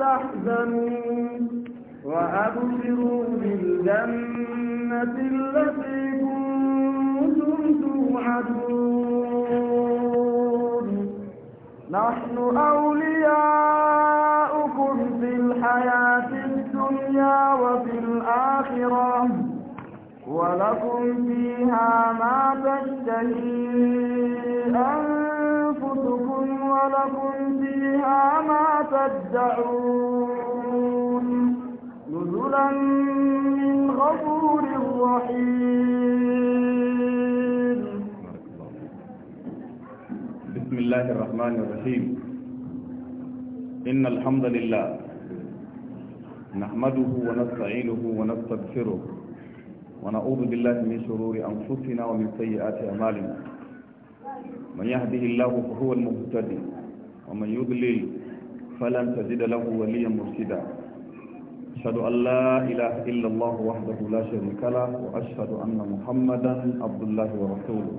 تحزنوا وأبشروا بالجنة التي كنتم توعدون نحن أولياؤكم في الحياة الدنيا وفي الآخرة ولكم فيها ما تشتهي أنفسكم ولكم فيها ما تدعون نزلا من غفور رحيم بسم الله الرحمن الرحيم إن الحمد لله نحمده ونستعينه ونستغفره ونعوذ بالله من شرور أنفسنا ومن سيئات أعمالنا من يهده الله فهو المهتدي ومن يضلل فلن تجد له وليا مرشدا أشهد أن لا إله إلا الله وحده لا شريك له وأشهد أن محمدا عبد الله ورسوله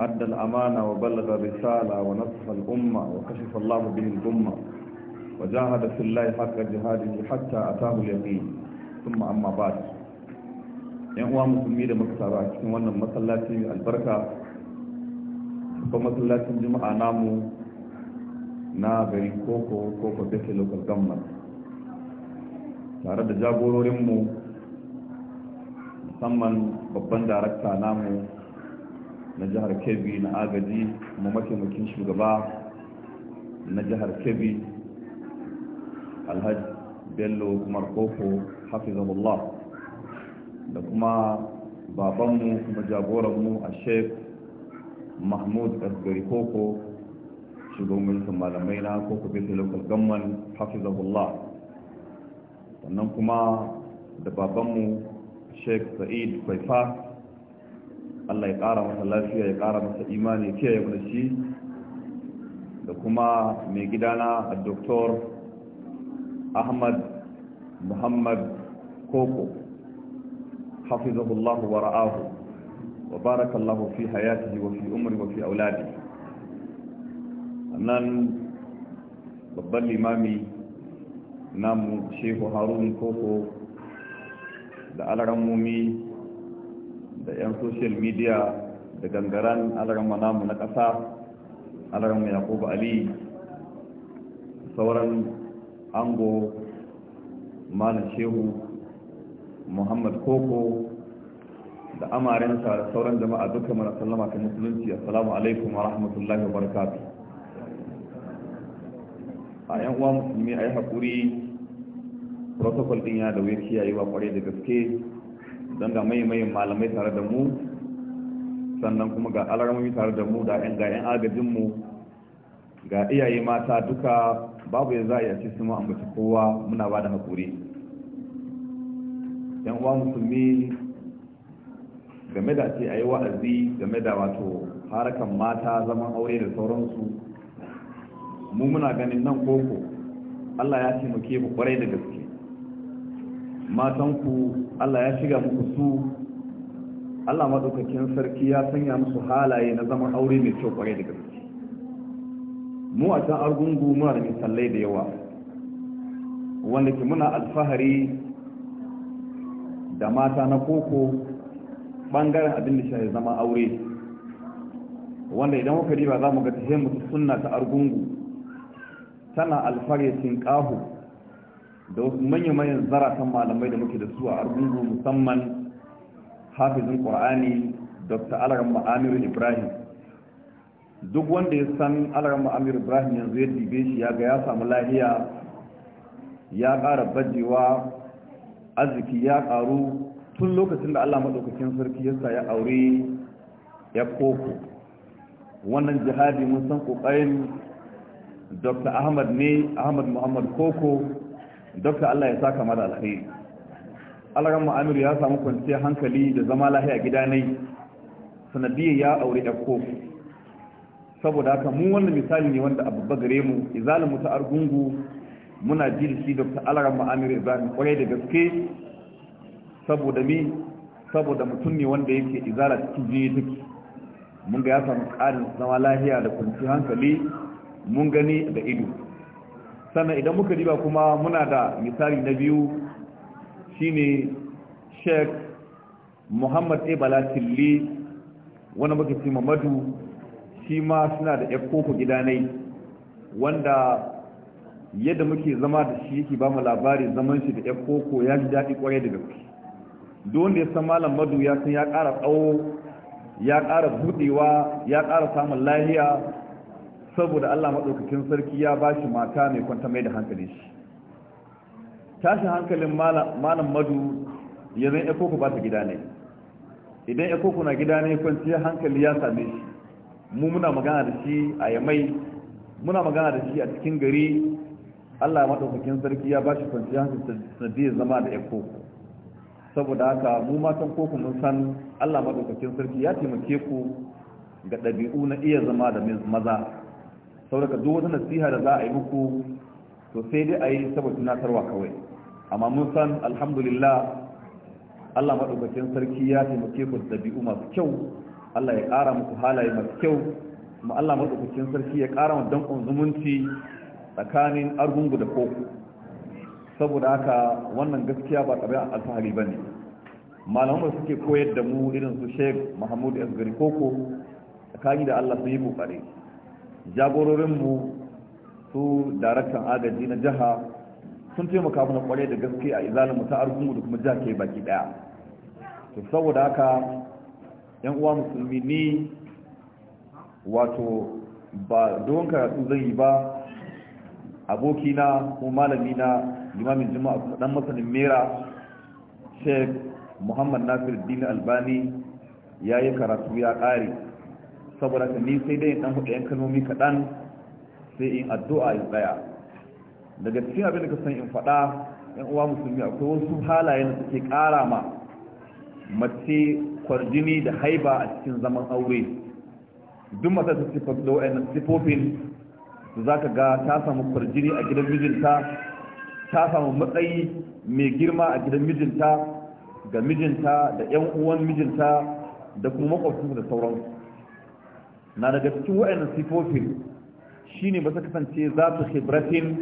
أدى الأمانة وبلغ الرسالة ونصح الأمة وكشف الله به الأمة وجاهد في الله حق جهاده حتى أتاه اليقين ثم أما بعد yan هو musulmi da muka taru a البركة wannan masallaci نامو na garin koko koko beke local government tare da jagororinmu musamman babban darakta namu na jihar kebbi na agaji kuma mataimakin shugaba na jihar kebbi alhaji bello umar koko hafizahullah da kuma babanmu kuma jagoranmu a sheikh mahmud asgari koko shugabancin malamai na ko ku bisa local government hafizahullah sannan kuma da babanmu sheikh sa'id kwaifa allah ya ƙara masa lafiya ya ƙara masa imani ya mana shi da kuma mai gidana a doktor ahmad muhammad koko hafizahullahu wa ra'ahu wa barakallahu fi hayatihi wa fi umri wa fi auladihi nan babban limami namu shehu harun koko da alaran mumi da 'yan social media da gangaren alaran manamu na ƙasa alaran mu yakubu ali sauran ango malam shehu muhammad koko da amarinsa da sauran jama'a duka mana sallama ta musulunci assalamu alaikum wa rahmatullahi wa barakatuh a yan uwa musulmi a yi haƙuri protocol ya yana da wuyar kiyayewa kwarai da gaske don ga maimayin malamai tare da mu sannan kuma ga alarmomi tare da mu da 'yan ga 'yan agajinmu ga iyaye mata duka babu yanzu a yace su ambaci kowa muna ba da haƙuri yan uwa musulmi game da ce a yi wa'azi game da wato harakan mata zaman aure da sauransu mu muna ganin nan koko Allah ya taimake mu kwarai da gaske matanku Allah ya shiga muku su Allah madaukakin sarki ya sanya musu halaye na zaman aure mai kyau kwarai da gaske mu a can argungu muna da misalai da yawa wanda ke muna alfahari da mata na koko bangaren abin da shi zama aure wanda idan muka riba za mu ga tahimmatu sunna ta argungu tana alfarisin ƙahu da wasu manyan manyan zaratan malamai da muke da su a argungu musamman hafizin ƙwa'ani dr alaram ma'amir ibrahim duk wanda ya san alaram ma'amir ibrahim yanzu ya dibe shi ya ga ya samu lahiya ya ƙara bajewa arziki ya ƙaru tun lokacin da allah maɗaukakin sarki ya sa ya aure ya koko wannan jihadi mun san ƙoƙarin dr ahmad ne ahmad muhammad koko dr allah ya saka mara alkhairi alaran mu'amiru ya samu kwanciyar hankali da zama lahiya gida ne sanadiyar ya aure ya koko saboda haka mu wannan misali ne wanda abu gare mu izalin mu ta argungu muna ji da shi dr alaran mu'amiru zami kwarai da gaske saboda mi saboda mutum ne wanda yake izala cikin jini duk mun ga ya samu ƙarin zama lahiya da kwanciyar hankali mun gani da ido sannan idan muka diba kuma muna da misali na biyu shine sheikh muhammad ebala tilli wani ce mamadu shi ma suna da ya koko gidanai wanda yadda muke zama da shi yake ba mu labarin zaman shi da ya koko ya ji daɗi ƙwarai da gaske don da ya san malam madu ya san ya ƙara tsawo ya ƙara buɗewa ya ƙara samun lahiya saboda Allah maɗaukakin sarki ya ba shi mata mai kwanta mai da hankali shi tashin hankalin malam madu ya zan ekoku ba ta gida ne idan ekoku na gida ne kwanciyar hankali ya same shi mu muna magana da shi a yamai muna magana da shi a cikin gari Allah maɗaukakin sarki ya ba shi kwanciyar hankali sanadiyar zama da ekoku saboda haka mu matan koku mun san Allah maɗaukakin sarki ya taimake ku ga ɗabi'u na iya zama da maza saboda duk wata nasiha da za a yi muku to sai dai a yi saboda tunatarwa kawai amma mun san alhamdulillah Allah madaukakin sarki ya taimake ku da bi'u masu kyau Allah ya ƙara muku halaye masu kyau kuma Allah madaukakin sarki ya ƙara muku dankon zumunci tsakanin argungu da koko saboda haka wannan gaskiya ba ƙabi'a alfahari ba ne malamu da suke koyar da mu irin su sheik muhammadu asgari koko tsakani da Allah sun yi ƙoƙari jagororinmu su daraktan agaji na jiha sun taimaka mana kware da gaske a izalinmu ta argungu da kuma ke baki daya to saboda haka yan uwa musulmi ni wato ba don karatu zan yi ba abokina ko na limamin jima'a dan masanin mera sheikh muhammad nasir albani ya yi karatu ya ƙare saboda ka ni sai dai dan hudu yan kalmomi kaɗan sai in addu'a ya tsaya daga cikin abin da ka san in faɗa yan uwa musulmi akwai wasu halaye da suke ƙara ma mace kwarjini da haiba a cikin zaman aure duk mata ta ce da wa'annan sifofin su za ka ga ta samu kwarjini a gidan mijinta ta samu matsayi mai girma a gidan mijinta ga mijinta da 'yan uwan mijinta da kuma makwabcinsa da sauransu na daga cikin waɗannan sifofin shine ba su kasance za ta hibratin,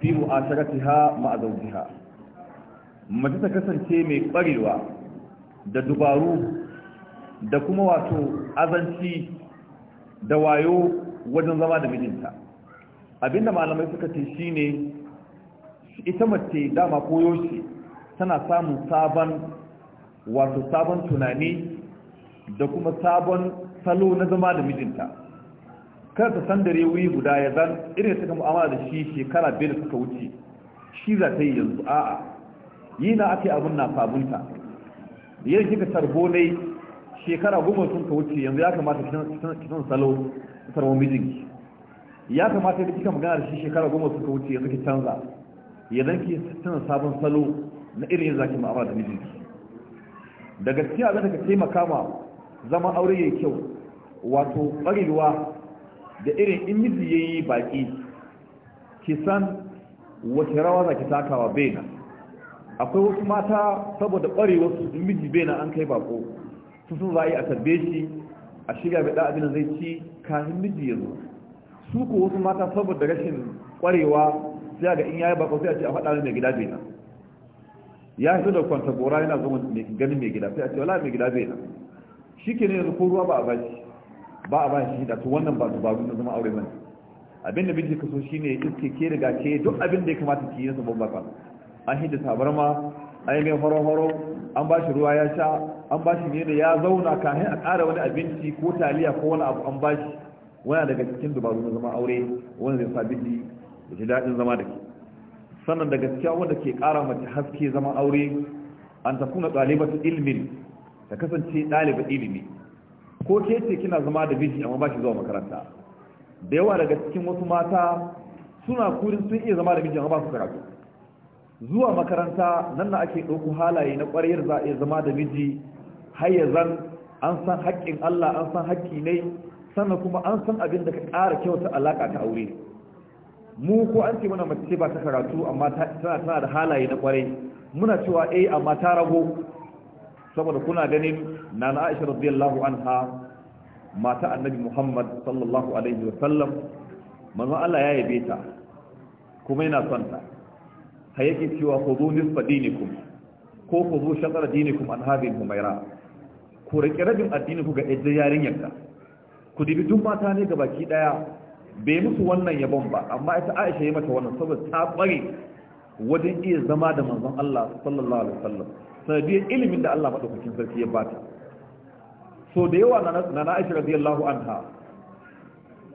fi ha ma'a zawjiha mace ta kasance mai ƙwarewa da dubaru da kuma wato azanci da wayo wajen zama da mijinta abinda malamai suka ce shine ita mace dama koyo shi tana samun sabon wato sabon tunani da kuma sabon salo na zama da mijinta kar ta san dare wuri guda ya zan irin suka mu'amala da shi shekara biyar suka wuce shi za ta yi yanzu a'a yi na ake abin na sabunta yadda kika tarbo ne shekara goma sun ka wuce yanzu ya kamata ki san salo ta tarbo mijinki ya kamata ki kika magana da shi shekara goma sun ka wuce yanzu ki canza ya yanzu ki san sabon salo na irin yanzu zaki mu'amala da mijinki da gaskiya za ka taimaka ma zama aure yayi kyau wato ƙwarewa da irin in miji ya yi baƙi kisan wace rawa za ki takawa bena akwai wasu mata saboda su in miji bena an kai bako su sun za a yi a tabbe shi a shiga bai ɗa'adin zai ci kahin miji ya zo su ko wasu mata saboda rashin ƙwarewa sai ga in yayi bako sai a ce a faɗa mai gida bena ya fito da kwanta gora yana zama ganin mai gida sai a ce wala mai gida bena shi ke ne yanzu ko ruwa ba a bashi ba a ba shi da to wannan ba ba na zama aure bane abin da so shi ne iske ke riga ke duk abin da ya kamata ki yi su ba an hidda tabarma an yi mai horo horo an ba shi ruwa ya sha an ba shi ne da ya zauna kafin a ƙara wani abinci ko taliya ko wani abu an ba shi wani daga cikin dubaru na zama aure wani zai sa bidi da ji daɗin zama da ke sannan daga cikin wanda ke ƙara mace haske zama aure an tafi na ɗalibar ilimin ta kasance ɗalibar ilimi ko ke ce kina zama da miji amma ba shi zuwa makaranta da yawa daga cikin wasu mata suna kurin sun iya zama da miji amma ba su karatu zuwa makaranta nan na ake ɗauko halaye na ƙwarayar za a zama da miji har ya zan an san haƙƙin Allah an san haƙƙi ne sannan kuma an san abin da ka ƙara kyauta alaƙa ta aure mu ko an ce mana mace ba ta karatu amma tana tana da halaye na ƙwarai muna cewa eh amma ta rago saboda kuna ganin na na aisha radiyallahu anha mata annabi muhammad sallallahu alaihi wa sallam manzo Allah ya yabe ta kuma yana son ta har yake cewa khudhu nisfa dinikum ko khudhu shatar dinikum an hadhihi humaira ku rike rabin addini ku ga ɗaya yarinyar ka ku dibi duk mata ne gabaki daya bai musu wannan yabon ba amma ita Aisha ya mata wannan saboda ta kware wajen iya zama da manzon Allah sallallahu alaihi wa wasallam sanadiyar ilimin da Allah madaukakin sarki ya bata so da yawa na na radiyallahu anha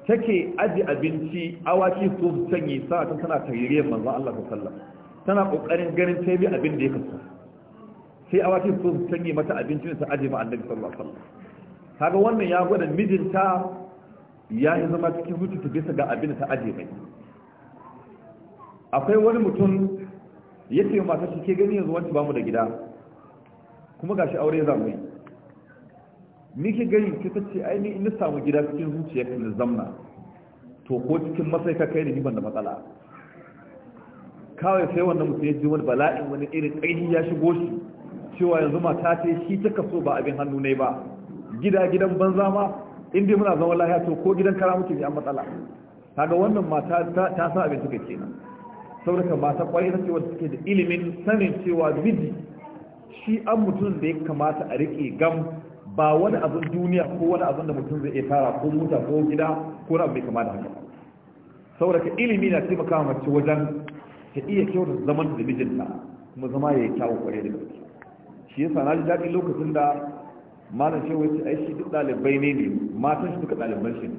take aji abinci awaki su sanyi sa'atan tana tayyiriyar manzo Allah sallallahu tana kokarin ganin bi abin da ya kasu sai awaki su sanyi mata abincin sa aji ma annabi sallallahu alaihi wasallam kaga wannan ya gwada mijinta ya yi zama cikin mutunta bisa ga abin da ta aje mai akwai wani mutum ya ce mata shi ke gani yanzu wancan bamu da gida kuma gashi aure za mu yi miki gani ki tace ai ni in samu gida cikin zuciya kan zamna to ko cikin masai ka kai ni ban da matsala kawai sai wannan mutum ya ji wani bala'in wani irin ƙaihi ya shigo shi cewa yanzu mata ce shi ta kaso ba abin hannu ne ba gida gidan banza ma in dai muna zama lahiya to ko gidan kara muke an matsala kaga wannan mata ta sa abin take kenan saboda mata kwai ta ce wanda take da ilimin sanin cewa miji shi an mutum da ya kamata a rike gam ba wani abin duniya ko wani abin da mutum zai iya ko mota ko gida ko na abu mai kama da haka saboda ka ilimi na taimaka mace wajen ta iya kyautar zaman da mijinta kuma zama ya yi kyawun kwarai da mace shi yasa na ji daɗin lokacin da malam shehu ya ce ai shi duk ɗalibai ne ne matan shi duka ɗaliban shi ne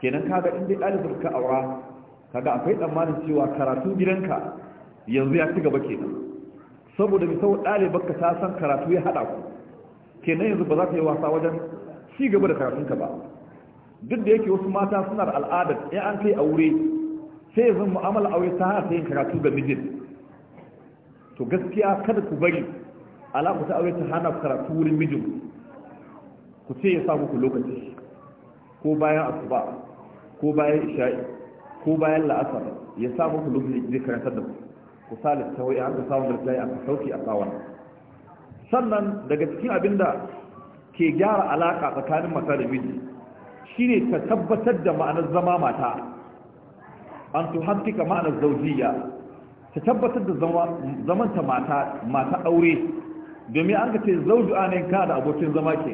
kenan kaga in dai ɗalibar ka aura kaga akwai tsammanin cewa karatu gidanka yanzu ya ci gaba kenan saboda misau ɗalibar ka ta san karatu ya haɗa ku kenan yanzu ba za ta yi wasa wajen ci gaba da karatunka ba duk da yake wasu mata suna da al'adar in an kai aure sai yanzu mu'amala aure ta hana ta yin karatu ga mijin to gaskiya kada ku bari alaƙa ta aure ta hana karatu wurin mijin ku ce ya sa muku lokaci ko bayan asuba ko bayan isha'i ko bayan la'asar ya sa muku lokaci ne karatar da ku ku sa littawai an ka ta yi a ka sauki a sawana sannan daga cikin abin da ke gyara alaka tsakanin mata da miji ne ta tabbatar da ma'anar zama mata an hantika ma'anar zaujiya ta tabbatar da zamanta mata mata aure domin an ka ce zauju a nan kana da abokin zama ke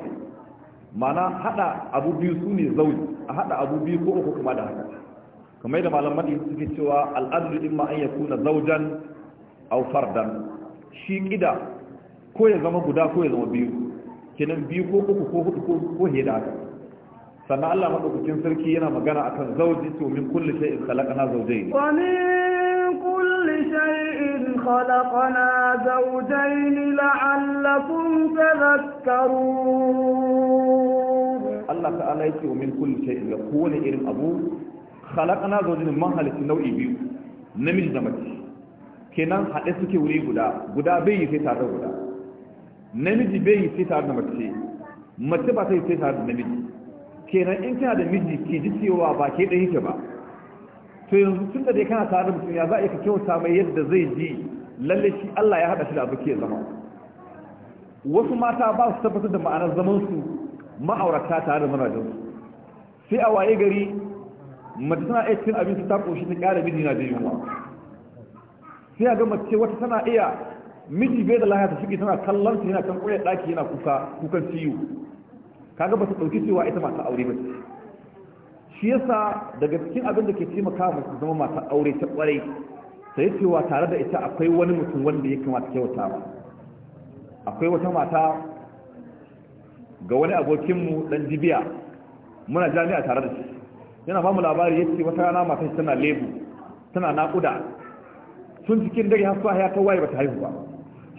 mana hada abu biyu su ne zauji a hada abu biyu ko uku kuma da haka kamar yadda malam da suke cewa al'adu imma an yakuna zaujan aufar fardan shi kida ko ya zama guda ko ya zama biyu kenan biyu ko uku ko hudu ko ko da haka sannan Allah madaukakin sarki yana magana akan zauji to min kulli shay'in khalaqana zawjayn wa min kulli shay'in khalaqana zawjayn la'allakum tadhakkarun Allah ta'ala yake wa min kulli shay'in da kowane irin abu khalaqana zawjayn man halitta nau'i biyu namiji da mace kenan hade suke wuri guda guda bai yi sai tare guda namiji bai yi sai tare da mace mace ba sai sai tare da namiji kenan in kana da miji ke ji cewa ba ke ɗaya yake ba to yanzu tun da dai kana tare da mutum ya za a yi ka kyauta mai yadda zai ji lalle shi Allah ya haɗa shi da abokin zama wasu mata ba su tabbatar da ma'anar zaman su ma'aurata tare da mazajen su sai a waye gari mace tana iya cin abinci ta ƙoshi ta ƙara miji na jiyuwa sai a ga mace wata tana iya miji bai da lahata ta shige tana kallon shi yana kan ƙwayar ɗaki yana kuka kukan ciwo kaga ba ta ɗauki cewa ita mata aure ba shi yasa daga cikin abin da ke taimaka masu zama mata aure ta ƙwarai ta yi cewa tare da ita akwai wani mutum wanda ya kamata kyauta ba akwai wata mata ga wani abokinmu ɗan jibiya muna jami'a tare da shi yana ba mu labari ya ce wata rana matan tana lebu tana naƙuda sun cikin dare har ya ta waye ba ta haihu ba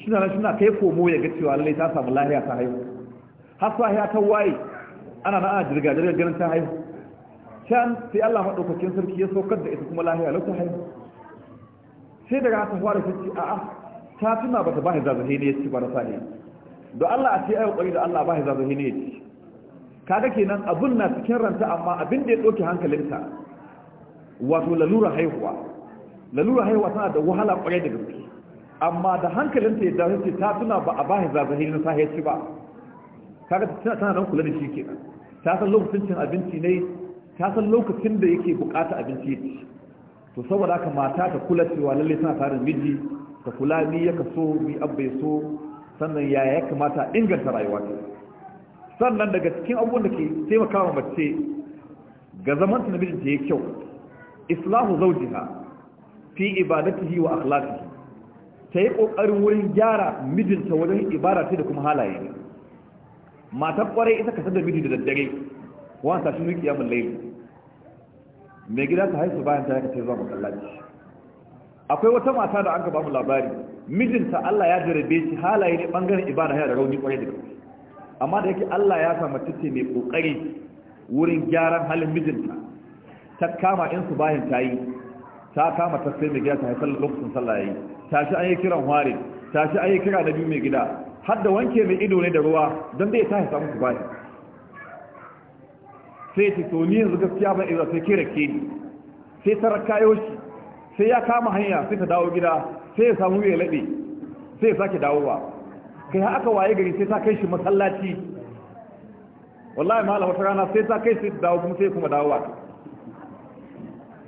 shi na shi na kai komo ya ga cewa lallai ta samu lahiya ta haihu har sahiya ta waye ana na ana jirga jirga ganin ta haihu can sai Allah madaukakin sarki ya saukar da ita kuma lahiya lau ta haihu sai daga ta fara ta ce a'a ta tuna bata ba zazahe ne ya ci ba na sani don Allah a ce ayi kokari da Allah ba zazahe ne ya ci kaga kenan abun na cikin ranta amma abin da ya doke hankalinta wato lalura haihuwa lalura haihuwa tana da wahala kwarai da gaske amma da hankalinta ya dawo ce ta tuna ba a bahi na sahi ci ba kaga tana tana dan kula da shi ke ta san lokacin cin abinci ne ta san lokacin da yake bukata abinci ne to saboda haka mata ta kula cewa lalle tana tare da miji ta kula ni ya kaso ni abba ya so sannan ya ya kamata inganta rayuwa ta sannan daga cikin abubuwan da ke taimakawa mace ga zaman ta mijinta ya kyau islahu zaujiha fi ibadatihi wa akhlaqihi ta yi ƙoƙarin wurin gyara mijinta wajen ibada ta da kuma halaye ne matar ƙwarai ita kasar da miji da daddare wani sashi nuki ya mulayi mai gida ta haisu bayan ta yaka ce zuwa masallaci akwai wata mata da an ka bamu labari mijinta Allah ya jarabe shi halaye ne bangaren ibada yana da rauni ƙwarai da kai amma da yake Allah ya sa mace ce mai ƙoƙari wurin gyaran halin mijinta ta kama in su bayan ta yi ta kama ta sai mai gida ta haifar lokacin sallah ta tashi an yi kiran ta tashi an yi kira na biyu mai gida har da wanke mai ido ne da ruwa don bai tashi samun kubaki. sai ta to ni yanzu gaskiya ban iya sai kira ke ni sai ta rakayo shi sai ya kama hanya sai ta dawo gida sai ya samu ya laɓe sai ya sake dawowa kai har aka waye gari sai ta kai shi masallaci wallahi malam wata rana sai ta kai sai ta dawo kuma sai kuma dawowa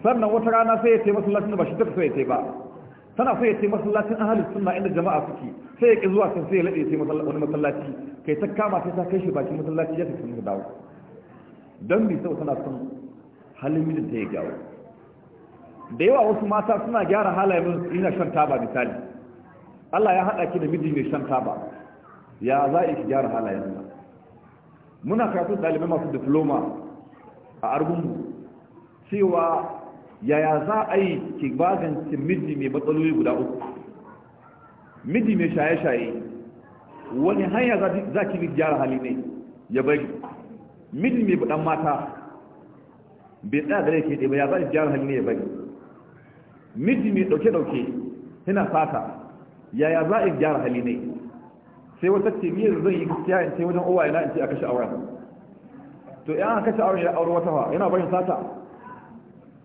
sannan wata rana sai ya ce masallacin ba shi duka so ya ce ba tana sai ya ce masallacin ahalus sunna inda jama'a suke sai ya ki zuwa sun sai ya lade ce wani masallaci kai ta kama sai ta kai shi bakin masallaci ya tafi da dawo dan bi sau tana son halin mijin ta ya gyawo da yawa wasu mata suna gyara halayen ina shan taba misali Allah ya haɗa ki da miji mai shan taba ya za a ki gyara halayen nan muna karatun ɗalibai masu diploma a argungu cewa yaya za a yi ki magance miji mai matsaloli guda uku miji mai shaye-shaye wani hanya za ki gyara hali ne ya bari miji mai budan mata bai tsaya da yake ba ya za ki gyara hali ne ya bari miji mai ɗauke-ɗauke yana fata yaya za a gyara hali ne sai wata ce miyar zan yi gaskiya in ce wajen uwa ina in ce a kashe auren to ya kashe auren ya auri wata yana barin sata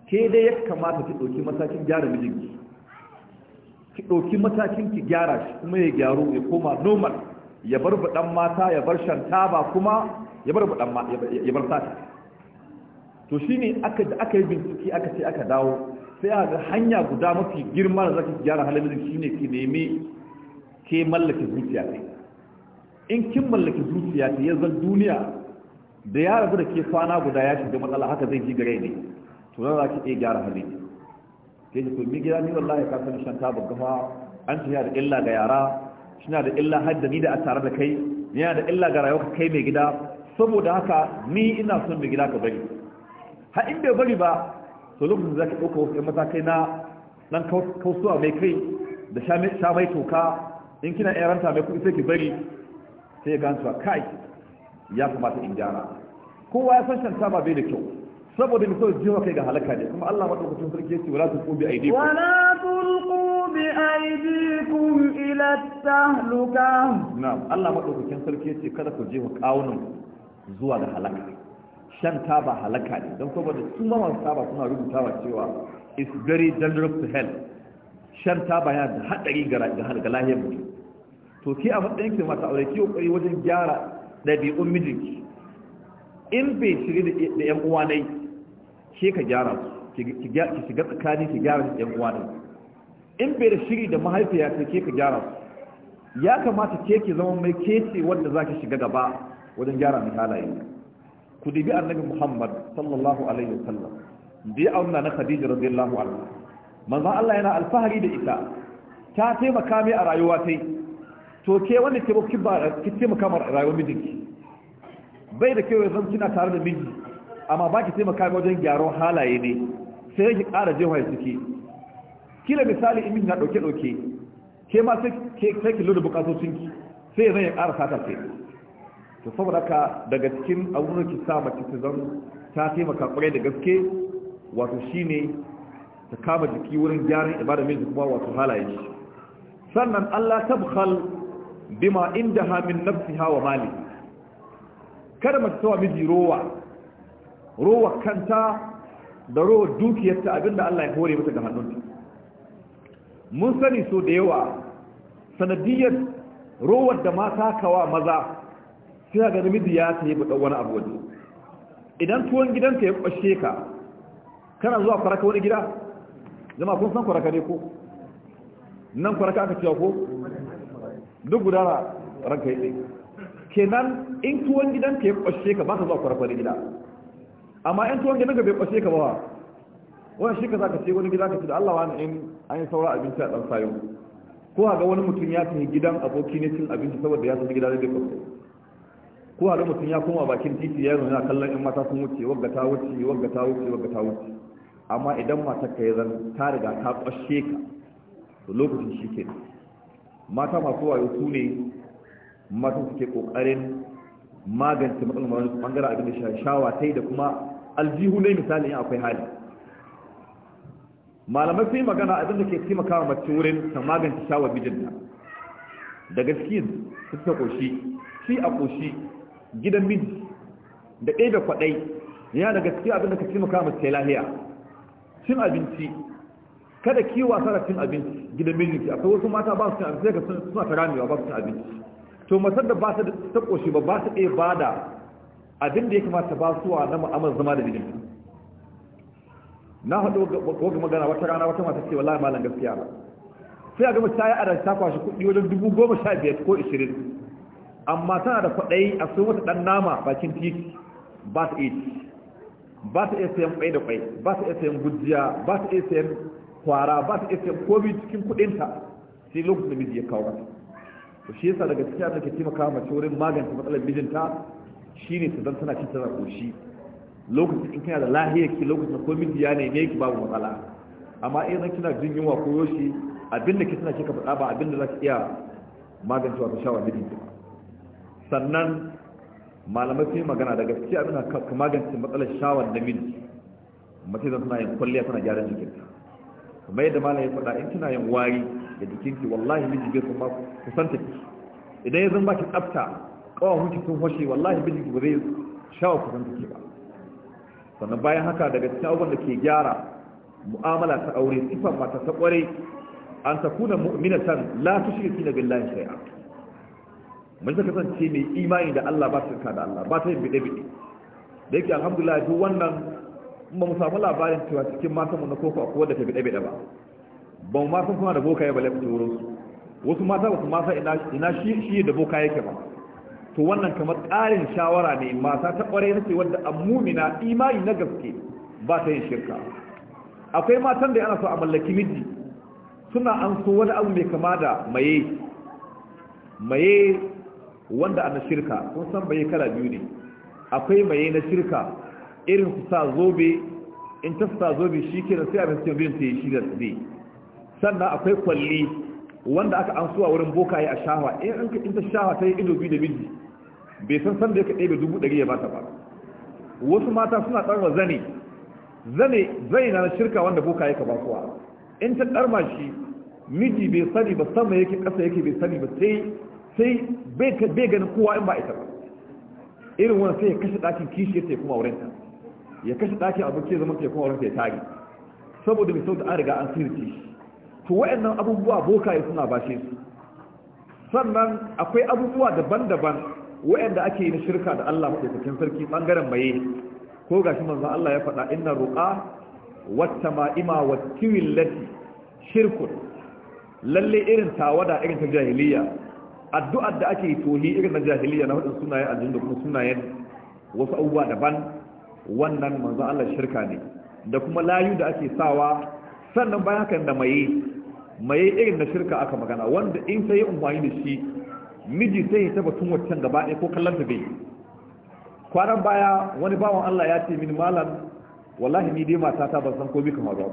ke dai ya kamata ki ɗauki matakin gyara mijinki ki ɗauki matakin ki gyara shi kuma ya gyaru ya koma normal ya bar baɗan mata ya bar shan ba kuma ya bar baɗan ya bar sata to shi aka da aka yi bincike aka ce aka dawo sai a ga hanya guda mafi girma da zaki gyara halin mijin ne ki nemi ke mallake zuciya ne in kin mallake zuciya ta yanzu duniya da ya rasu da ke kwana guda ya shiga matsala haka zai ji gare ne tunan za ki iya gyara hali ke ji kuma gida ni wallahi ka san shan ta buggafa an ci da illa ga yara shina da illa har da ni da a tare da kai yana da illa ga rayuwa kai mai gida saboda haka ni ina son mai gida ka bari ha in bai bari ba to lokacin za ki ɗauka wasu matakai na nan kausuwa mai kai da sha mai toka in kina yaranta mai kuɗi sai ki bari sai ya gansuwa kai ya kamata in gyara kowa ya san shan ba bai da kyau saboda mai kawai jiwa kai ga halaka ne kuma Allah maɗaukacin sarki ya ce wala tulqu bi aydikum wala tulqu bi aydikum ila tahluka na'am Allah maɗaukacin sarki ya ce kada ku jiwa kawunan zuwa ga halaka shan taba halaka ne don saboda su ma masu taba suna rubutawa cewa is very dangerous to hell shan taba yana da haɗari ga lahiyar mutum to a matsayin ki mata aure ki kokari wajen gyara ɗabi'un mijinki in bai shiri da yan uwa nai ke ka gyara su ki shiga tsakani ki gyara su yan uwa in bai da shiri da mahaifiya ta ke ka gyara su ya kamata ke ki zama mai kece wanda za ki shiga gaba wajen gyara mai halaye ku dibi annabi muhammad sallallahu alaihi wasallam da ya auna na khadija radiyallahu anha manzon Allah yana alfahari da ita ta taimaka mai a rayuwa ta yi to ke wanda ke ba ki taimaka mai rayuwar mijinki bai da kyau ya zama kina tare da miji amma ba ki taimaka wajen gyaron halaye ne sai yake ƙara jewa ya suke kila misali imin na ɗauke-ɗauke ke ma sai ki lura bukatocinki sai zai ya ƙara sata sai to saboda ka daga cikin abubuwan ki sa mace ta zan ta taimaka ƙwarai da gaske wato shine ta kama jiki wurin gyaran ibada mai kuma wato halaye shi sannan Allah tabkhal bima indaha min nafsiha wa mali kada mace ta wa miji rowa rowar kanta da rowar dukiyarta abinda Allah ya hore mata ga hannunta mun sani so da yawa sanadiyar rowar da mata kawa maza sai ga namiji ya ta yi buɗan wani abu waje idan tuwon gidanka ya kwashe ka kana zuwa faraka wani gida zama kun san kwaraka ne ko nan kwaraka aka cewa ko duk gudana ranka yi kenan in tuwon gidanka ya kwashe ka ba ka zuwa kwaraka wani gida amma in tuwon gidanka bai kwashe ka ba wani shi ka zaka ce wani gida ka ce da Allah wani in an yi saura abinci a dan sayo ko ga wani mutum ya tafi gidan aboki ne cin abinci saboda ya tafi gida zai kwashe ko ga mutum ya koma bakin titi ya yana kallon in mata sun wuce wagga ta wuce wagga ta wuce wagga ta wuce amma idan matar ka ya zan ta riga ta kwashe ka to lokacin shi ke mata masu wayo su ne matan suke kokarin magance matsalar bangaren abin da shawa ta da kuma aljihu ne misali in akwai hali malamai sai magana abin da ke taimakawa mace wurin ta magance shawar mijinta da gaskiya su ta koshi shi a koshi gidan miji da ɗebe da kwaɗai yana da gaskiya abin da ka taimakawa mace lahiya cin abinci kada ki wasa da cin abinci gidan ki akwai wasu mata ba su cin abinci sai ka suna ta ramewa ba su cin abinci to matar da ba ta koshi ba ba ta iya bada abin da ya kamata ba suwa na mu'amal zama da mijinta na haɗo ga magana wata rana wata mata ce wallahi malam gaskiya ba sai a gama sai a adalci ta kwashi kuɗi wajen dubu goma sha biyar ko ishirin amma tana da kwaɗayi a sun wata ɗan nama bakin titi ba ta iya ba ta iya sayan ƙwai da ƙwai ba ta iya sayan gujiya ba ta iya sayan kwara ba ta iya sayan komi cikin kuɗinta sai lokacin da miji ya kawo mata to shi yasa daga cikin abin da ke taimaka mace wurin magance matsalar mijinta Shi su zan tana cin tana ƙoshi lokacin in kana da lahiyar ki lokacin ko mijiya ne ne ki babu matsala amma idan kina jin yunwa ko yoshi abinda ki tana kika faɗa ba abinda za ki iya magance wa shawar da ki sannan malamai sun yi magana daga cikin abin da ka magance matsalar shawar namiji mace zan tana yin kwalliya tana gyaran jikinta kamar yadda malam ya faɗa in kina yin wari da jikinki wallahi miji bai kuma kusanta ki idan ya zan baki tsafta kawai ki sun hoshe wallahi bijin ba zai wa kusan take ba sannan bayan haka daga cikin abubuwan da ke gyara mu'amala ta aure sifan mata ta kware an ta kuna mu'minatan la tushriku na billahi shari'a mun ta kasance mai imani da Allah ba shirka da Allah ba ta yin bide bide da yake alhamdulillah duk wannan ba mu samu labarin cewa cikin matan mu na koko akwai wanda ta bide bide ba ba mu ma san kuma da boka ya bale ku wurin su wasu mata wasu mata ina ina shi shi da boka yake ba to wannan kamar ƙarin shawara ne mata ta ƙware nake ce wadda amumina imani na gaske ba ta yin shirka akwai matan da ana so a mallaki miji suna an so wani abu mai kama da maye maye wanda ana shirka kun san maye kala biyu ne akwai maye na shirka irin su sa zobe in ta sa zobe shi ke sai abin cikin biyan ta yi shi da zai sannan akwai kwalli wanda aka an suwa wurin bokaye a shawa in ta shawa ta yi ido biyu da miji bai san san da yake ɗaya dubu ɗari ya ba ta ba wasu mata suna ɗarwa zane zane zai na shirka wanda boka yake ba kuwa in ta ɗarma shi miji bai sani ba sama yake ƙasa yake bai sani ba sai sai bai ganin kowa in ba ita ba irin wani sai ya kashe ɗakin kishi ya kuma ta ya kashe ɗakin abinci ya zama ya kuma ta ya tare saboda mai sauta an riga an sirri shi to wa'annan abubuwa ya suna bashe su sannan akwai abubuwa daban-daban wa'anda ake yi na shirka da Allah madaukakin sarki bangaren maye ko gashi manzo Allah ya faɗa inna ruqa wattama'ima lati shirkun lalle irin tawada irin ta jahiliya addu'ar da ake tohi irin na jahiliya na hudun sunaye aljin da kuma sunayen wasu abubuwa daban wannan manzo Allah shirka ne da kuma layu da ake sawa sannan bayan hakan da maye maye irin na shirka aka magana wanda in sai umfani da shi miji sai ya taba tun waccan gaba ɗaya ko kallon ta bai kwanan baya wani bawan Allah ya ce min malam wallahi ni dai mata ta ban san komai kamar ba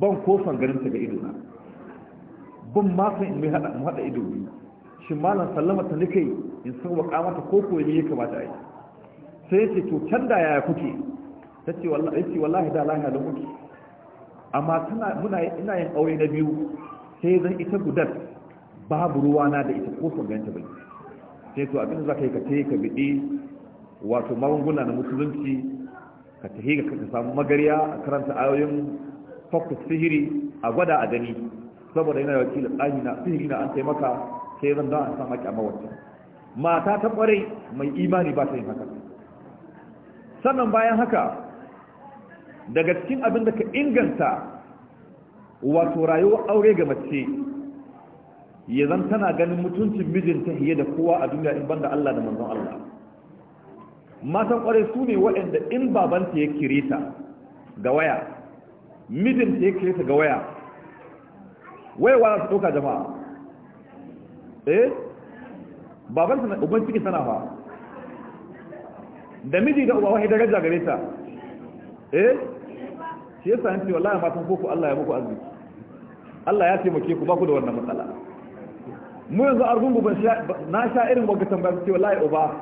ban ko san ganin ta ga ido na ban ma san in mai hada mu hada ido biyu shin malam sallama ta nikai in san wa kamata ko ko ne ya kamata ai sai ce to can da yaya kuke tace wallahi yace wallahi da lahiya da kuke amma tana muna ina yin aure na biyu sai zan ita gudar babu ruwa na da ita ko ganta bai sai to abin za ka yi ka ta'i ka biɗi wato magunguna na musulunci ka ta'i ka samu magariya a karanta ayoyin fakta sihiri a gwada a gani saboda yana wakil tsani na sihiri na an taimaka sai zan don an sa maki a mawarta mata ta kwarai mai imani ba ta yin haka sannan bayan haka daga cikin abin da ka inganta wato rayuwar aure ga mace ya zan tana ganin mutuncin mijinta fiye da kowa a duniya in banda Allah da manzon Allah matan kwarai su ne waɗanda in babanta ya kire ta ga waya mijinta ya kire ta ga waya waya wa su ɗauka jama'a eh babanta na uban ciki sana fa da miji da uba wahai daraja gare ta eh shi yasa yanci wallahi matan koko Allah ya muku arziki Allah ya taimake ku ba ku da wannan matsala mu yanzu argungu ban sha na sha irin wanga tambaya ce wallahi uba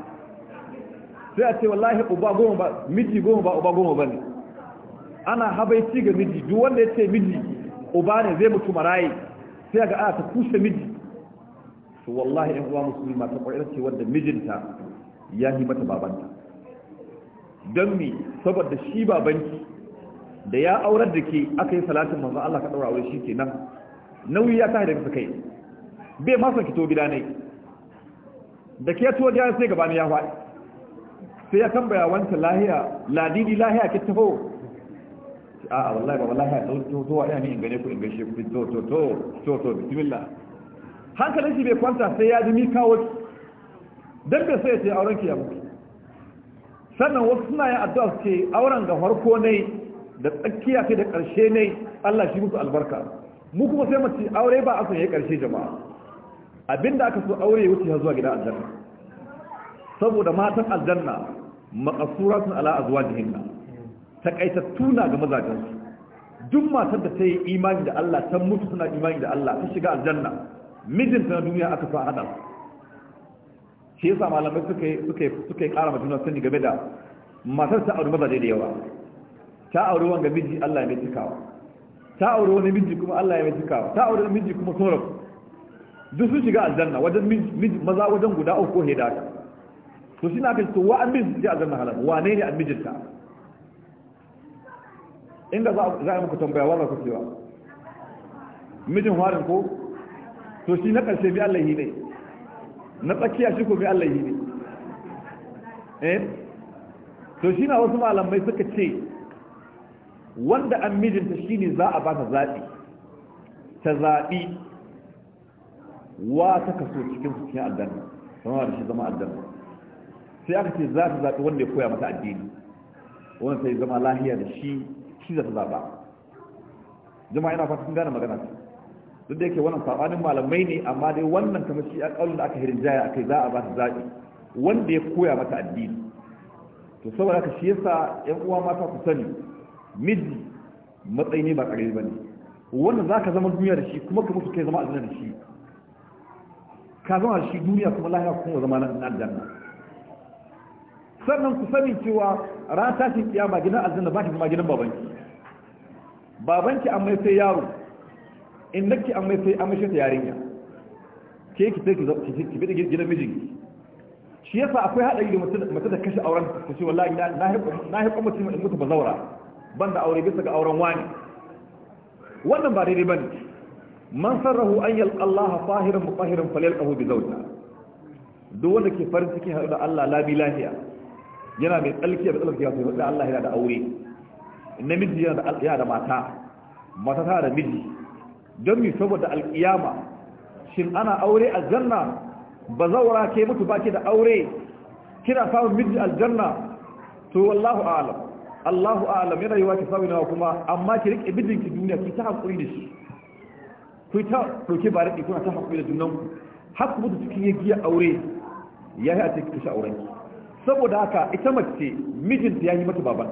sai a ce wallahi uba goma ba miji goma ba uba goma ba ne ana habaici ga miji duk wanda ya ce miji uba ne zai mutu maraye sai ga ana ta kushe miji to wallahi in uwa ma ta kwarar ce wanda mijinta ya yi mata babanta don mi saboda shi babanki da ya aurar da ke aka yi salatin manzo Allah ka daura aure shi kenan nauyi ya tashi daga kai bai ma fito gida ne da ke tuwa gida sai gabani ya faɗi sai ya tambaya wanta lahiya ladidi lahiya ke taho a'a wallahi ba lahiya ta to wa? ya ni in gane ku in gaishe ku to to to to to bismillah hankalin shi bai kwanta sai ya ji mi kawo dan bai sai ya ce auren ki ya muke sannan wasu suna yin addu'a su ce auren ga farko ne da tsakiya kai da ƙarshe ne Allah shi muku albarka mu kuma sai mu ce aure ba a son ya ƙarshe jama'a abinda aka so aure ya wuce zuwa gidan aljanna saboda matan aljanna maqsuratun ala azwajihinna na ga mazajensu duk matar da ta yi imani da Allah ta mutu suna imani da Allah ta shiga aljanna mijinta na duniya aka so hada shi yasa malamai suka suka suka kara ma majuna sani game da matar ta aure mazaje da yawa ta aure wanga miji Allah ya mai cikawa ta aure wani miji kuma Allah ya mai cikawa ta aure wani miji kuma sauran duk sun shiga aljanna wajen maza wajen guda uku ko hedaka to shi na kai to wa an min ji aljanna halal wa ne an mijinta inda za a muku tambaya wannan ku cewa mijin warin ko to shi na karshe bi Allah ne na tsakiya shi ko bi Allah ne eh to shi na wasu malamai suka ce wanda an mijinta shine za a ba ta zaɓi ta zaɓi wa ta kaso cikin su cikin aljanna sama da shi zama aljanna sai aka ce za ta zaɓi wanda ya koya mata addini wanda sai zama lahiya da shi shi za ta zaɓa jama'a ina fata sun gane magana duk da yake wannan sabanin malamai ne amma dai wannan kamar shi a da aka hirin jaya akai za a ba ta zaɓi wanda ya koya mata addini to saboda haka shi yasa ƴan uwa mata ku sani miji matsayi ne ba ƙarfi ba ne wannan za ka zama duniya da shi kuma ka mutu kai zama aljanna da shi ka zama shi duniya kuma lahira kuma zama na aljanna sannan ku sani cewa ran tashin kiyama gidan aljanna ba ki zama gidan babanki babanki amma sai yaro in nake amma sai amma shi yarinya ke ki sai ki bi da gidan mijinki shi yasa akwai haɗari da mutum da kashe auren ta ce wallahi na haifa mutum in mutum ba zaura ban da aure bisa ga auren wani wannan ba daidai bane man sarrahu an yalqa Allah fahiran mutahiran falyalqahu bi zawja duk wanda ke farin ciki haɗu da Allah labi lahiya yana mai tsalkiya da tsalkiya sai da Allah yana da aure namiji yana da yana da mata mata tana da miji don mi saboda alƙiyama shin ana aure a janna ba zaura ke mutu ba ke da aure kina samun miji aljanna to wallahu a'lam Allahu a'lam yana yiwa ki samu nawa kuma amma ki rike mijinki duniya ki ta hankuri da shi ku ta ɗauke ba raɗi kuna ta haƙuri da ku. har ku mutu cikin ya giya aure ya yi a cikin kashe auren saboda haka ita mace mijinta ya yi mata baban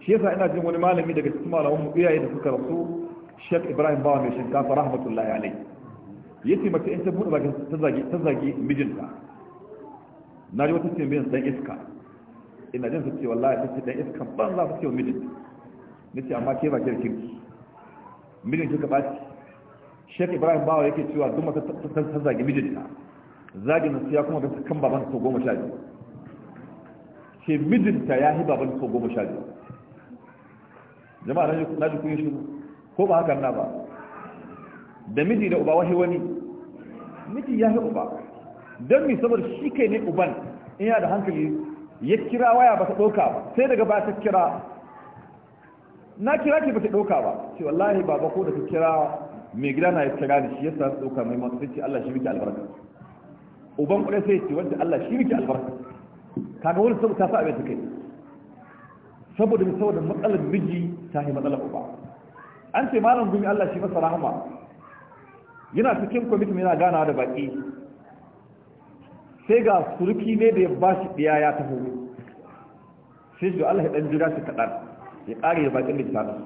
shi yasa ina jin wani malami daga cikin malaman iyaye da suka rasu Sheikh Ibrahim Bawa mai shinkafa rahmatullahi alai yace mace in ta buɗe bakin ta zagi ta mijinta na ji wata ce mijin dan iska ina jin su ce wallahi ta ce dan iska ban za su ce mijinta nace amma ke ba kirkin mijin ki ka baci shek ibrahim bawa yake cewa duk mata ta zagi mijinta zagin su ya kuma ga kan baban so goma sha biyu ke mijinta ya yi baban so goma sha biyu jama'a na ji kun shiru ko ba hakan na ba da miji da uba wahi wani miji ya yi uba don mi saboda shi kai ne uban ina da hankali ya kira waya ba ta ɗauka ba sai daga ba ta kira na kira ki ba ta ɗauka ba ce wallahi baba ko da ta kira mai gida na ya kira da shi yasa tsoka mai masu sai Allah shi miki albarka uban kuɗi sai ce wanda Allah shi miki albarka kaga wani saboda ta sa abin ta kai saboda ne saboda matsalar miji ta yi matsalar uba an ce malam gumi Allah shi masa rahama yana cikin kwamitin yana ganawa da baki sai ga suruki ne da ya ba shi ɗiya ya taho sai shi Allah ya ɗan jira shi kaɗan ya ƙare da baƙin da ta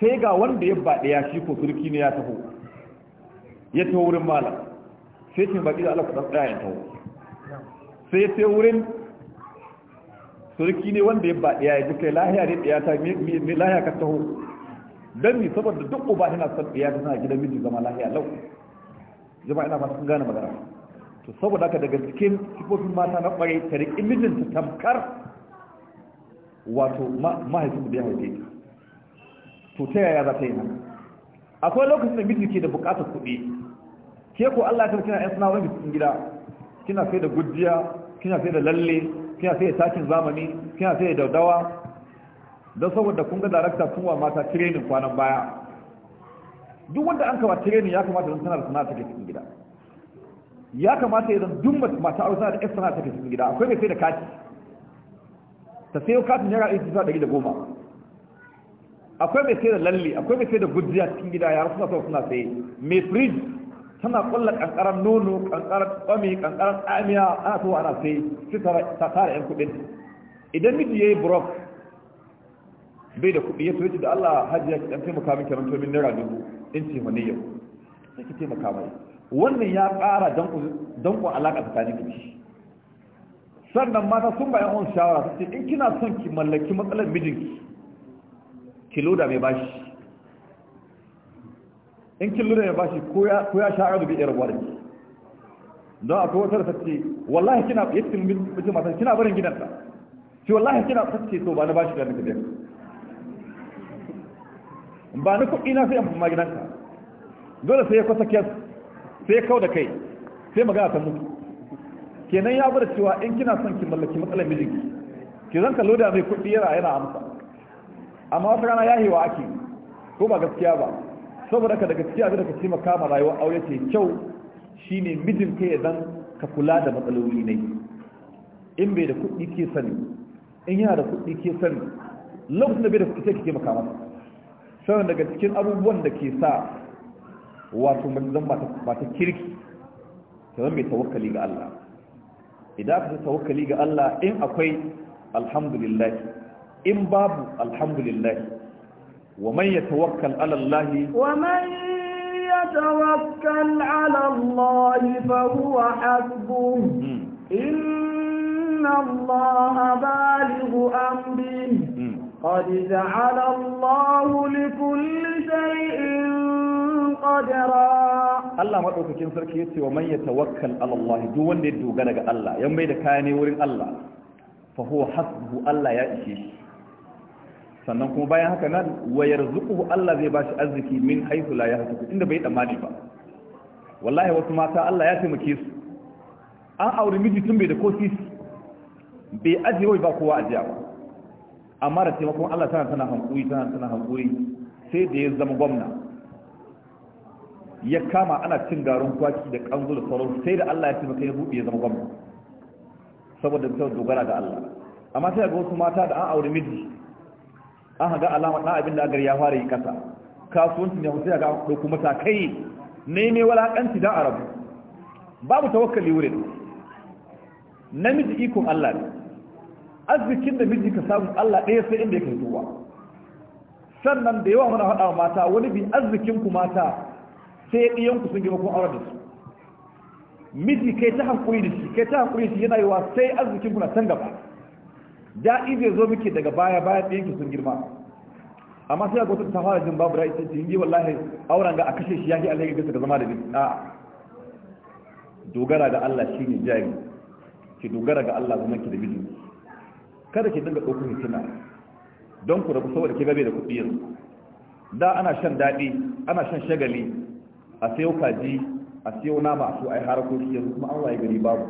sai ga wanda ya ba ɗaya shi ko turki ne ya taho ya taho wurin malam sai ce baki da alaƙa ku ya taho sai sai wurin turki ne wanda ya ba ɗaya ya ji kai lahiya ne ɗaya ta mai lahiya ka taho don ni saboda duk uba yana son ɗaya ta sana gidan miji zama lahiya lau jama'a ina masu gane magana to saboda haka daga cikin sifofin mata na ƙwarai ta riƙi mijinta tamkar wato mahaifin da ya haife ta to ta yaya za ta yi haka akwai lokacin da miji ke da bukatar kuɗi ke ko Allah ya kina yan sana'o'in cikin gida kina sai da gujiya kina sai da lalle kina sai da takin zamani kina sai da daudawa don saboda kun ga darakta sun wa mata training kwanan baya duk wanda an kawo training ya kamata don sanar sana'a take cikin gida ya kamata idan duk mata aure sana'a da yan sana'a take cikin gida akwai mai sai da kati ta sayo katin yara ɗari da goma akwai mai sai da lalle akwai mai sai da gujiya cikin gida ya suna masu suna sai mai fridge tana kulla kankarar nono kankarar kwami kankarar tsamiya ana so ana sai su ta tara yan kudin idan miji ya yi brok bai da kudi ya tuwaci da allah hajji ya ki dan taimaka min kamar tomin naira dubu in ce wani yau sai ki taimaka mai wannan ya kara danko alaka tsakanin ki sannan mata sun ba yan shawara su ce in kina son ki mallaki matsalar mijinki kilo da mai bashi in kilo da mai bashi ko ya sha arzu biyar irin warki don a wata da ce wallahi kina ya ce mutum matan kina barin gidanta shi wallahi kina ta ce so ba na bashi da nuka biyar ba na kuɗi na sai amfani maginanka dole sai ya kwasa kyan sai ya kau da kai sai magana ta mutu kenan ya bar cewa in kina son ki mallaki matsalar mijinki ki zan loda mai kuɗi yana yana amsa amma wata rana hewa ake ko ba gaskiya ba saboda ka da gaskiya zai ka taimaka ma rayuwar aure ce kyau shine mijin ya zan ka kula da matsaloli ne in bai da kuɗi ke sani in yana da kuɗi ke sani lokacin da bai da kuɗi sai ka taimaka makama sannan daga cikin abubuwan da ke sa wato manzan ba ta kirki ta zan mai tawakkali ga Allah idan aka tawakkali ga Allah in akwai alhamdulillah in babu alhamdulillah wa man yatawakkal ala Allah wa man yatawakkal ala Allah fa huwa hasbuhu hmm. inna hmm. Allah balighu amrihi قد جعل الله لكل شيء قدرا Allah madaukakin sarki yace wa man yatawakkal ala Allah duk wanda ya dogara daga Allah ya mai da kaya ne wurin Allah fa huwa Allah ya ishe shi sannan kuma bayan haka nan wayar yarzuquhu Allah zai bashi arziki min haythu la yahtasib inda bai tsammani ba wallahi wasu mata Allah ya taimake su an aure miji tun bai da kosis bai ajiye wai ba kowa ajiya ba amma da taimakon Allah tana tana hankuri tana tana hankuri sai da ya zama gwamna ya kama ana cin garin kwaki da kanzo da sauran sai da Allah ya taimaka ya buɗe ya zama gwamna saboda ta dogara da Allah amma sai ga wasu mata da an aure miji aka ga alama na abin da agar ya fara yi kasa kasuwanci ne sai ga dauko kai ne ne walakanci da arabu babu tawakkali wurin namiji ikon Allah ne arzikin da miji ka samu Allah ɗaya sai inda yake zuwa sannan da yawa muna hada mata wani bi arzikin ku mata sai ɗiyan ku sun gima kun aure da su miji kai ta hankuri da shi kai ta hankuri da shi yana yiwa sai arzikin ku na san gaba daɗi zai zo miki daga baya baya ɗayanki sun girma amma sai ga wata ta fara jin babu ra'ayi sai yi wallahi auren ga a kashe shi yaki Allah ya gasa ga zama da ni a dogara ga Allah shine jari ki dogara ga Allah zaman ki da miji kada ki dinga ɗaukar hikima don ku rabu saboda ke gabe da kuɗi yanzu da ana shan daɗi ana shan shagali a sayo kaji a sayo nama a so ai harakoki yanzu kuma an waye gari babu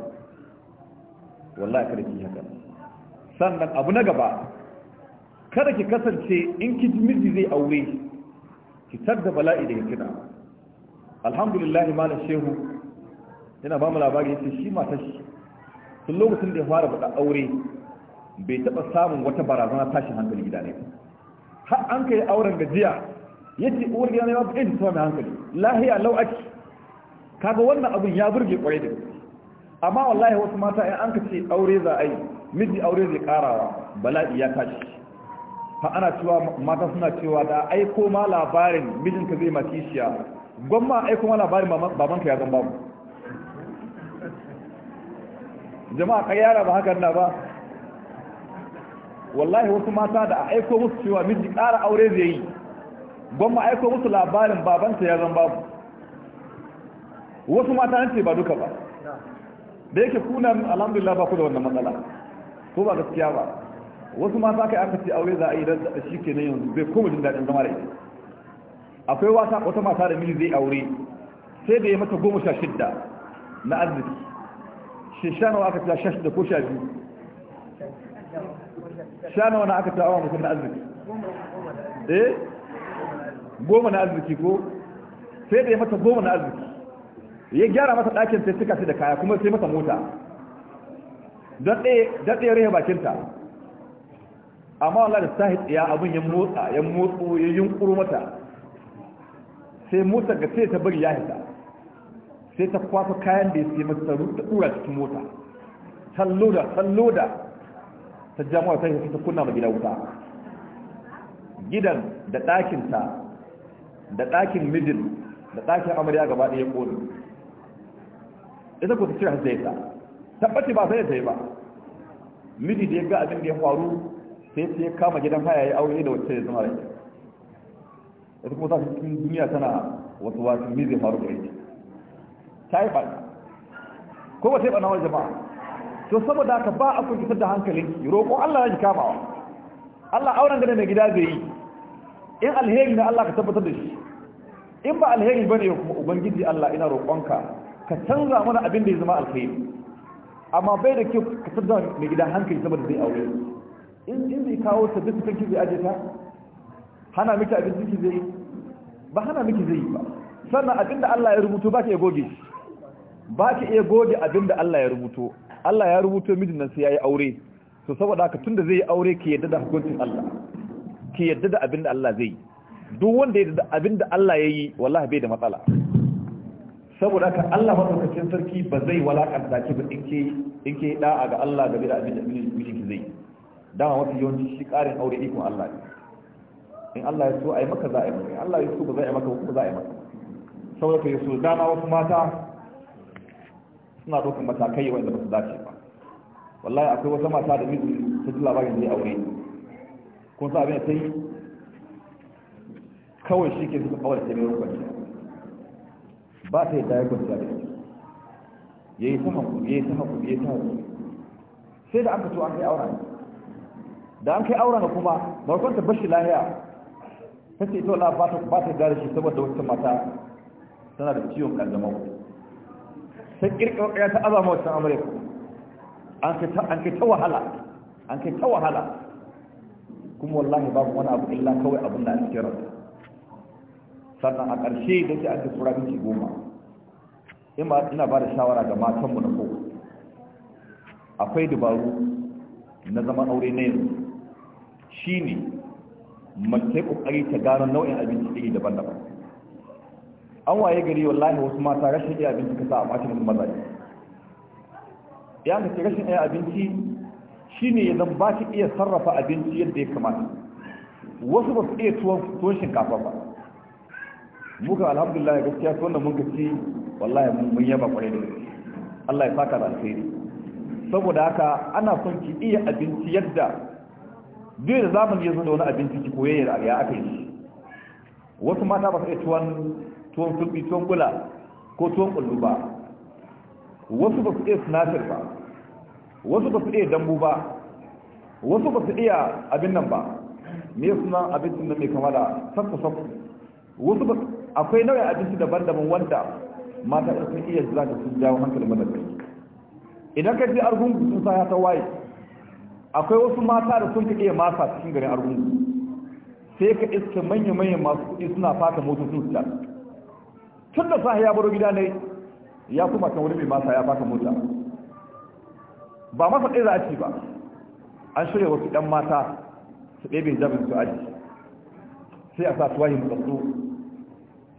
wallahi kada ki haka sannan abu na gaba kada ki kasance in ki miji zai aure ki tadda bala'i daga kina alhamdulillah malam shehu yana ba mu labari yace shi ma shi tun lokacin da ya fara bada aure bai taba samun wata barazana tashin hankali gida ne har an kai auren gajiya yace uwar gida ne ba yi mai hankali lahiya lau aki kaga wannan abun ya burge kwarai da amma wallahi wasu mata ai an ka ce aure za a yi miji aure zai karawa bala'i ya tashi fa ana cewa mata suna cewa da aiko ma labarin mijinka zai matishiya gwamma aiko ma labarin babanka ya zan babu jama'a kai yara ba hakan na ba wallahi wasu mata da a aiko musu cewa miji ƙara aure zai yi gwamma aiko musu labarin babanka ya zan babu wasu mata nan ce ba duka ba da yake kuna alhamdulillah ba ku da wannan matsala ko ba gaskiya ba wasu mata kai aka ce aure za a yi da shi ke na yanzu zai kuma jin daɗin zama da ita akwai wata wata mata da miji zai aure sai da ya mata goma sha shidda na arziki shi sha nawa aka ta sha shida ko sha biyu sha nawa na aka ta awa mutum na arziki eh goma na arziki ko sai da ya mata goma na arziki ya gyara mata ɗakin sai suka sai da kaya kuma sai mata mota daɗe ya rahe bakinta amma Allah da sahid ya abin ya motsa ya motsa ya yunkuru mata sai motsa ga sai ta bari ya hita sai ta kwafa kayan da ya sai mata ta ɗura cikin mota tallo da tallo da ta jama'a ta yi ta kunna ma gida wuta gidan da ɗakinta da ɗakin mijin da ɗakin amarya gaba ɗaya ƙoli ita ko ta cire hasdaita tabbaci ba sai sai ba miji da ya ga abin da ya faru sai sai ya kama gidan haya ya aure da wacce ya zama rai ita kuma ta cikin duniya tana wasu wasu mi zai faru da ita ta yi ba ko ba sai ba na wani jama'a to saboda ka ba a kunkitar da hankalin ki roƙo Allah ya kama kamawa Allah auren gane mai gida zai yi in alheri na Allah ka tabbatar da shi in ba alheri ne kuma ubangiji Allah ina roƙonka ka canza mana abin da ya zama alheri amma bai da kyau ka fitar mai gida hankali saboda zai aure in zai kawo ta duk kanki zai aje ta hana miki abinci ki zai ba hana miki zai ba sannan abinda Allah ya rubuto ba ka iya goge ba ka iya goge abinda Allah ya rubuto Allah ya rubuto mijin nan sai yayi aure to saboda haka tunda zai yi aure ki yadda da hukuncin Allah ki yadda da abinda Allah zai yi, duk wanda ya yadda abinda Allah ya yi wallahi bai da matsala saboda haka Allah madaukakin sarki ba zai walakanta ki ba in ke in ke da'a ga Allah game da abin da mijin ki zai dama mafi yawanci shi karin aure ikon Allah ne in Allah ya so a yi maka za a yi maka in Allah ya so ba za a yi maka ba za a yi maka saboda ka yaso dama wasu mata suna ɗaukar matakai wanda ba su dace ba wallahi akwai wata mata da miji ta ji labarin zai aure kun sa abin da ta yi kawai shi ke suka kawai da ta mai rukunci ba ta yadda ya kwanta da shi ya yi ta hankuli ya yi ta hankuli ya yi ta hankuli sai da an fito an kai auren da an kai na kuma markon ta bashi lahiya ta ce ita wala ba ta gare shi saboda wata mata tana da ciwon kanjamau ta kirkirkaya ta azama wata amurka an kai ta wahala an kai ta wahala kuma wallahi babu wani abu illa kawai abin da a cikin ranta sannan a ƙarshe da sai an tafura tsura miki goma ina ba da shawara ga matanmu na kowa akwai dabaru na zaman aure na yanzu shi ne mace ƙoƙari ta gano nau'in abinci iri daban-daban an waye gari wallahi wasu mata rashin iya abinci kasa a ɓacin wasu mazaje ya ka ce rashin iya abinci shi ne ya zan ba ki iya sarrafa abinci yadda ya kamata wasu ba su iya tuwon shinkafa ba muka alhamdulillah gaskiya ko wannan mun gaci wallahi mun yaba kwarai da gaske Allah ya saka da alheri saboda haka ana son ki iya abinci yadda duk da zamani ya zo da wani abinci ki koye ya ya aka yi wasu mata ba su iya tuwon tuwon sulbi tuwon gula ko tuwon kullu ba wasu ba su iya sinasir ba wasu ba su iya dambu ba wasu ba su iya abin nan ba me suna abincin nan mai kama da sakku sakku wasu ba akwai nau'in abinci daban-daban wanda mata ɗan sun iya za da sun jawo hankali madadai idan ka ji argungu sun sa ta waye akwai wasu mata da sun iya masa cikin garin argungu sai ka iska manya-manyan masu kuɗi suna fata sun su tun da sa ya baro gida ne ya kuma kan wani mai masa ya fata mota ba masa ɗaya za a ci ba an shirya wasu ɗan mata su ɗebe jabin su aji sai a sa tuwahin tsatsu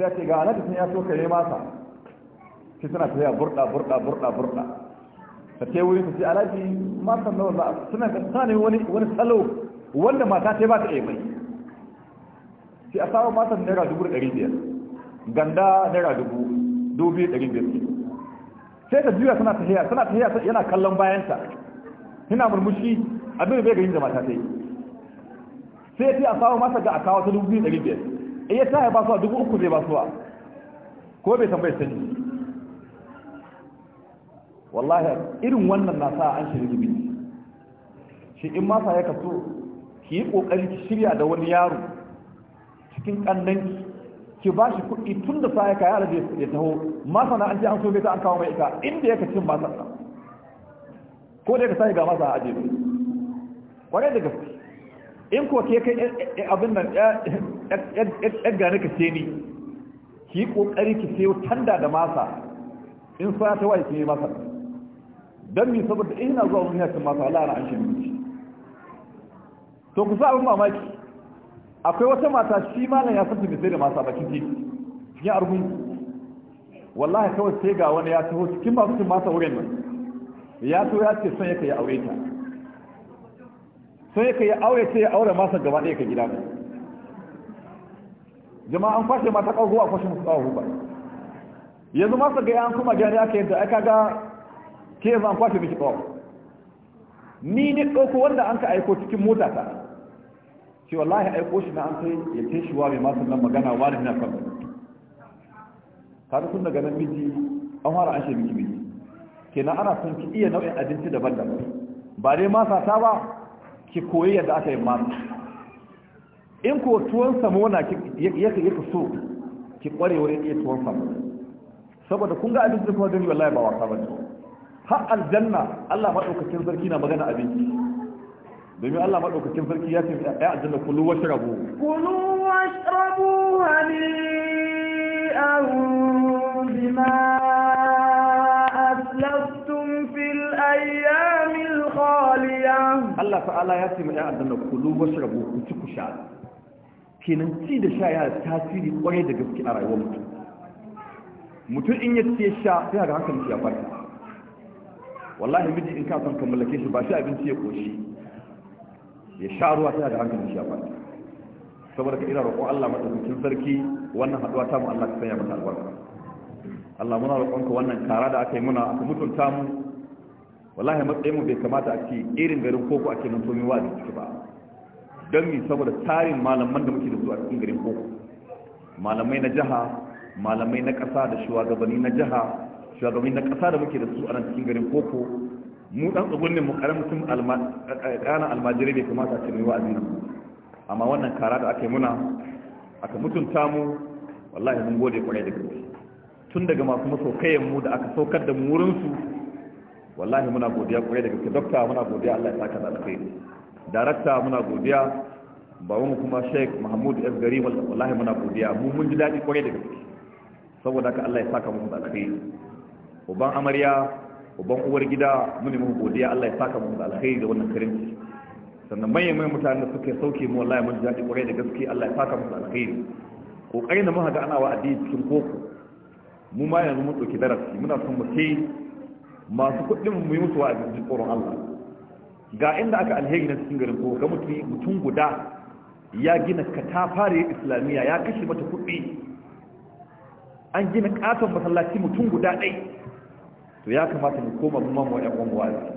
sai ce ga annabi sun ya so kare masa sai suna yaya burda burda burda burda ta ce wuri ta sai alaji masan nawa wanda suna ta sani wani wani salo wanda mata ta ba ta yi mai sai a samu masan naira dubu ɗari biyar ganda naira dubu dubu ɗari biyar sai ta juya suna tafiya suna tafiya yana kallon bayanta yana murmushi abin da bai ga yin da mata ta yi sai ta yi a samu masa ga a kawo ta dubu ɗari biyar iya ta ya basuwa dubu uku zai basuwa ko bai tambayi sani wallahi irin wannan na sa an shirya gibi shi in masa ya kaso ki yi kokari ki shirya da wani yaro cikin kannan ki ba shi kuɗi tun da sa ya kaya da ya taho masa na an ce an so bai ta an kawo mai ita inda ya kacin masa ko da ya kasa ga masa a ajiye kwarai da gaske in ko ke kai eh, eh, eh, abin nan ɗaggane ka ce ni ki yi ƙoƙari ki sayo tanda da masa in sa ta waye ki masa don mi saboda ina zuwa wani yakin masa ala na an shi to ku sa abin mamaki akwai wata mata shi malam ya santa bai sai da masa bakin titi cikin argun wallahi kawai sai ga wani ya taho cikin masu cin masa wurin nan ya to ya ce son yake ya aure ta son yake ya aure ta ya aure masa gaba ɗaya ka gida ne jama'a an kwashe mata kawo a kwashe musu kawo ba yanzu masu ga yan kuma gani aka yanta aka ga ke zan kwashe miki kawo ni ne ɗauko wanda an ka aiko cikin mota ta ce wallahi aiko shi na an kai ya ce shi wa mai masu nan magana wari na kan kaga sun daga nan miji an fara an miki miji kenan ana son ki iya nau'in abinci daban-daban ba dai masa ta ba ki koyi yadda aka yi masa in ko tuwon samona yaka so ki kware wurin iya tuwon samona saboda kun ga abinci da kuma gani wallahi ba wasa ba ne aljanna Allah madaukakin sarki na magana abinci domin Allah madaukakin sarki ya ce ya aljanna kullu washrabu kullu washrabu hani'an bima aslaftum fil ayyamil khaliyah Allah ta'ala ya ce ya aljanna kullu washrabu ku ci ku sha kenan ci da sha yana tasiri kwarai da gaske a rayuwar mutum mutum in ya ce sha sai ga hankali ya farka wallahi miji in ka san ka mallake shi ba shi abinci ya koshi ya sha ruwa sai ga hankali ya farka saboda ka ina roƙon Allah madaukakin sarki wannan haduwa ta mu Allah ka sanya mata albarka Allah muna roƙon ka wannan kara da aka yi muna aka mutunta mu wallahi matsayin mu bai kamata a ce irin garin koko ake mun tomi wa ba don yi saboda tarin malaman da muke da su a cikin garin boko malamai na jiha malamai na ƙasa da shugabanni na jiha shugabanni na ƙasa da muke da su a nan cikin garin boko mu dan tsugunnin mu karamin mutum ƙanan almajirai ne kamata a cikin wa'azi nan amma wannan kara da aka yi muna aka mutunta mu wallahi mun gode kwarai da gaske tun daga masu masaukayen mu da aka saukar da mu wurinsu, wallahi muna godiya kwarai da gaske dokta muna godiya Allah ya saka da alkhairi darakta muna godiya babanmu kuma sheik mahmud f gari wallahi muna godiya mu mun ji daɗi kwarai da gaske saboda haka allah ya saka mu da alkhairi uban amarya uban uwar gida muni mun godiya allah ya saka mu da alkhairi da wannan karimci sannan manyan manyan mutane da suka sauke mu wallahi mun ji daɗi kwarai da gaske allah ya saka mu da alkhairi kokarin da muka ga ana wa addini cikin koko mu ma yanzu mun ɗauki darasi muna son mu sai masu kuɗin mu yi musu wa addini tsoron allah ga inda aka alheri na cikin garin kowa ga mutum guda ya gina katafariyar islamiyya ya kashe mata kuɗi an gina ƙaton masallaci mutum guda ɗai to ya kamata mu koma mu mamu ƴan uwan wazi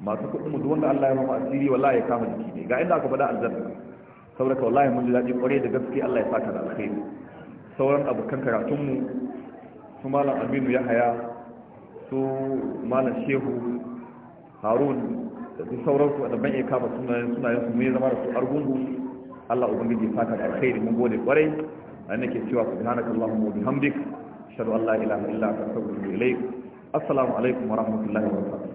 masu kuɗin mu wanda Allah ya mamu asiri wallahi ya kama jiki ne ga inda aka faɗa aljanna saboda ka wallahi mun ji daɗi ƙwarai da gaske Allah ya saka da alheri sauran abokan karatunmu su malam Aminu Yahaya su malam Shehu Harun da duk sauransu da ban iya kama sunayen sunayen su zama da su argungu Allah ubangiji fata da alkhairi mun gode kwarai an nake cewa subhanaka allahumma wa bihamdik shadu an la ilaha illa anta astaghfiruka ilaik assalamu alaikum wa rahmatullahi wa barakatuh